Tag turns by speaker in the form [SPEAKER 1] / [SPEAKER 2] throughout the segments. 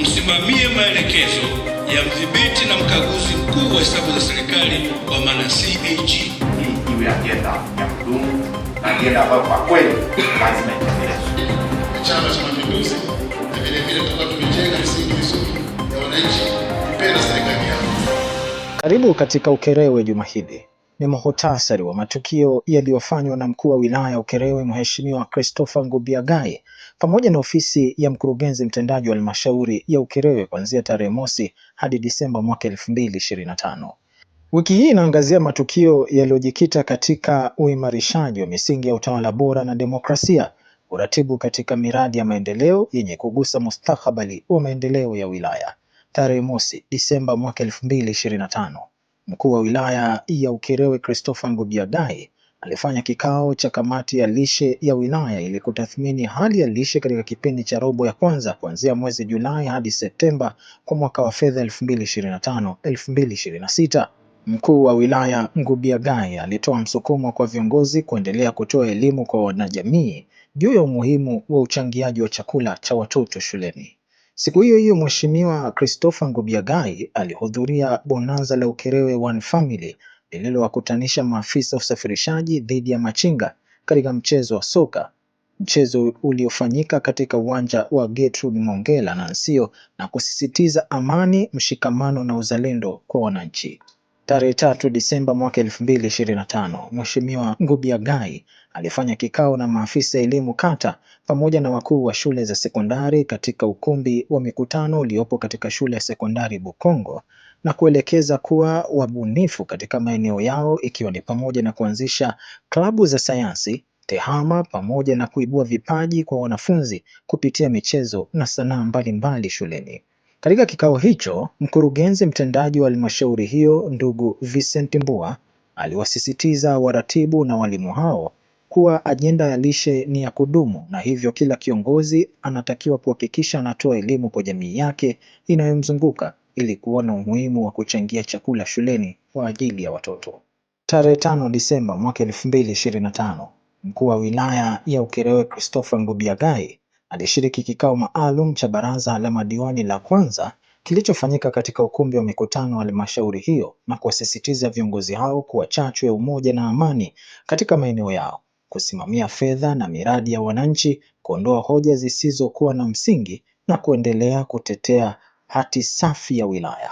[SPEAKER 1] msimamie maelekezo ya mdhibiti na mkaguzi mkuu wa hesabu za serikali kwa maana CAG. Hii
[SPEAKER 2] iwe ajenda ya kudumu na ajenda ambayo kwa kweli lazima itekelezwe.
[SPEAKER 1] Chama cha Mapinduzi na vile vile tutakuwa tumejenga misingi mizuri ya wananchi kupenda serikali yao.
[SPEAKER 3] Karibu katika Ukerewe juma hili ni muhutasari wa matukio yaliyofanywa na mkuu wa wilaya Ukerewe Mheshimiwa Christopher Ngubiagai pamoja na ofisi ya mkurugenzi mtendaji wa halmashauri ya Ukerewe kuanzia tarehe mosi hadi Disemba mwaka 2025. Wiki hii inaangazia matukio yaliyojikita katika uimarishaji wa misingi ya utawala bora na demokrasia, uratibu katika miradi ya maendeleo yenye kugusa mustakabali wa maendeleo ya wilaya. Tarehe mosi Disemba mwaka 2025, mkuu wa wilaya ya Ukerewe Christopher Ngubiagai alifanya kikao cha kamati ya lishe ya wilaya ili kutathmini hali ya lishe katika kipindi cha robo ya kwanza kuanzia mwezi Julai hadi Septemba kwa mwaka wa fedha 2025 2026. Mkuu wa wilaya Ngubiagai alitoa msukumo kwa viongozi kuendelea kutoa elimu kwa wanajamii juu ya umuhimu wa uchangiaji wa chakula cha watoto shuleni. Siku hiyo hiyo, Mheshimiwa Christopher Ngubiagai alihudhuria bonanza la Ukerewe One Family lililowakutanisha maafisa usafirishaji dhidi ya machinga katika mchezo wa soka, mchezo uliofanyika katika uwanja wa Gertrude na Nansio na kusisitiza amani, mshikamano na uzalendo kwa wananchi. Tarehe tatu Disemba mwaka elfu mbili ishirini na tano Mheshimiwa Ngubiagai alifanya kikao na maafisa elimu kata pamoja na wakuu wa shule za sekondari katika ukumbi wa mikutano uliopo katika shule ya sekondari Bukongo na kuelekeza kuwa wabunifu katika maeneo yao ikiwa ni pamoja na kuanzisha klabu za sayansi, tehama pamoja na kuibua vipaji kwa wanafunzi kupitia michezo na sanaa mbalimbali shuleni. Katika kikao hicho, mkurugenzi mtendaji wa halmashauri hiyo ndugu Vincent Mbua aliwasisitiza waratibu na walimu hao kuwa ajenda ya lishe ni ya kudumu na hivyo kila kiongozi anatakiwa kuhakikisha anatoa elimu kwa jamii yake inayomzunguka ili kuona umuhimu wa kuchangia chakula shuleni kwa ajili ya watoto. Tarehe tano Disemba mwaka 2025, mkuu wa wilaya ya Ukerewe Christopher Ngubiagai alishiriki kikao maalum cha baraza la madiwani la kwanza kilichofanyika katika ukumbi wa mikutano wa halmashauri hiyo na kuwasisitiza viongozi hao kuwa chachu ya umoja na amani katika maeneo yao, kusimamia fedha na miradi ya wananchi, kuondoa hoja zisizokuwa na msingi na kuendelea kutetea hati safi ya wilaya.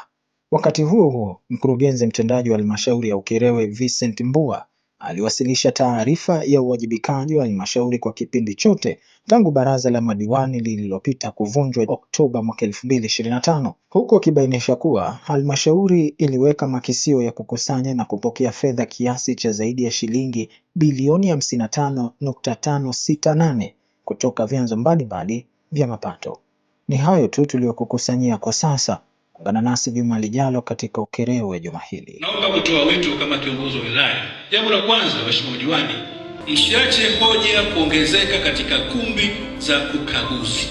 [SPEAKER 3] Wakati huo huo, mkurugenzi mtendaji wa halmashauri ya Ukerewe Vincent Mbua aliwasilisha taarifa ya uwajibikaji wa halmashauri kwa kipindi chote tangu baraza la madiwani lililopita kuvunjwa Oktoba mwaka 2025, huku akibainisha kuwa halmashauri iliweka makisio ya kukusanya na kupokea fedha kiasi cha zaidi ya shilingi bilioni 55.568 kutoka vyanzo mbalimbali vya mapato. Ni hayo tu tuliyokukusanyia kwa sasa. Ungana nasi juma lijalo katika Ukerewe juma hili.
[SPEAKER 1] Naomba kutoa wito kama kiongozi wa wilaya. Jambo la kwanza, waheshimiwa diwani, msiache hoja kuongezeka katika kumbi za ukaguzi,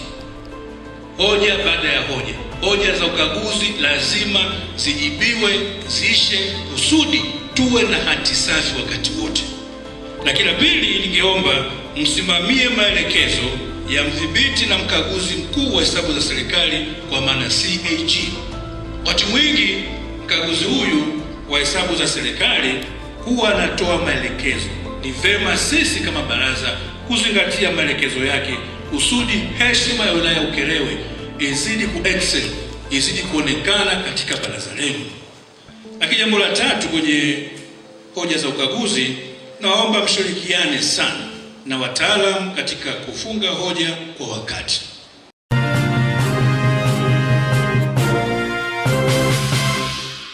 [SPEAKER 1] hoja baada ya hoja. Hoja za ukaguzi lazima zijibiwe, ziishe, kusudi tuwe na hati safi wakati wote. Lakini la pili, ningeomba msimamie maelekezo ya mdhibiti na mkaguzi mkuu wa hesabu za serikali kwa maana CAG. Wakati mwingi mkaguzi huyu wa hesabu za serikali huwa anatoa maelekezo. Ni vema sisi kama baraza kuzingatia maelekezo yake kusudi heshima ya wilaya Ukerewe izidi excel izidi kuonekana katika baraza lenu. Lakini jambo la tatu kwenye hoja za ukaguzi, nawaomba mshirikiane sana na wataalamu katika kufunga hoja kwa wakati.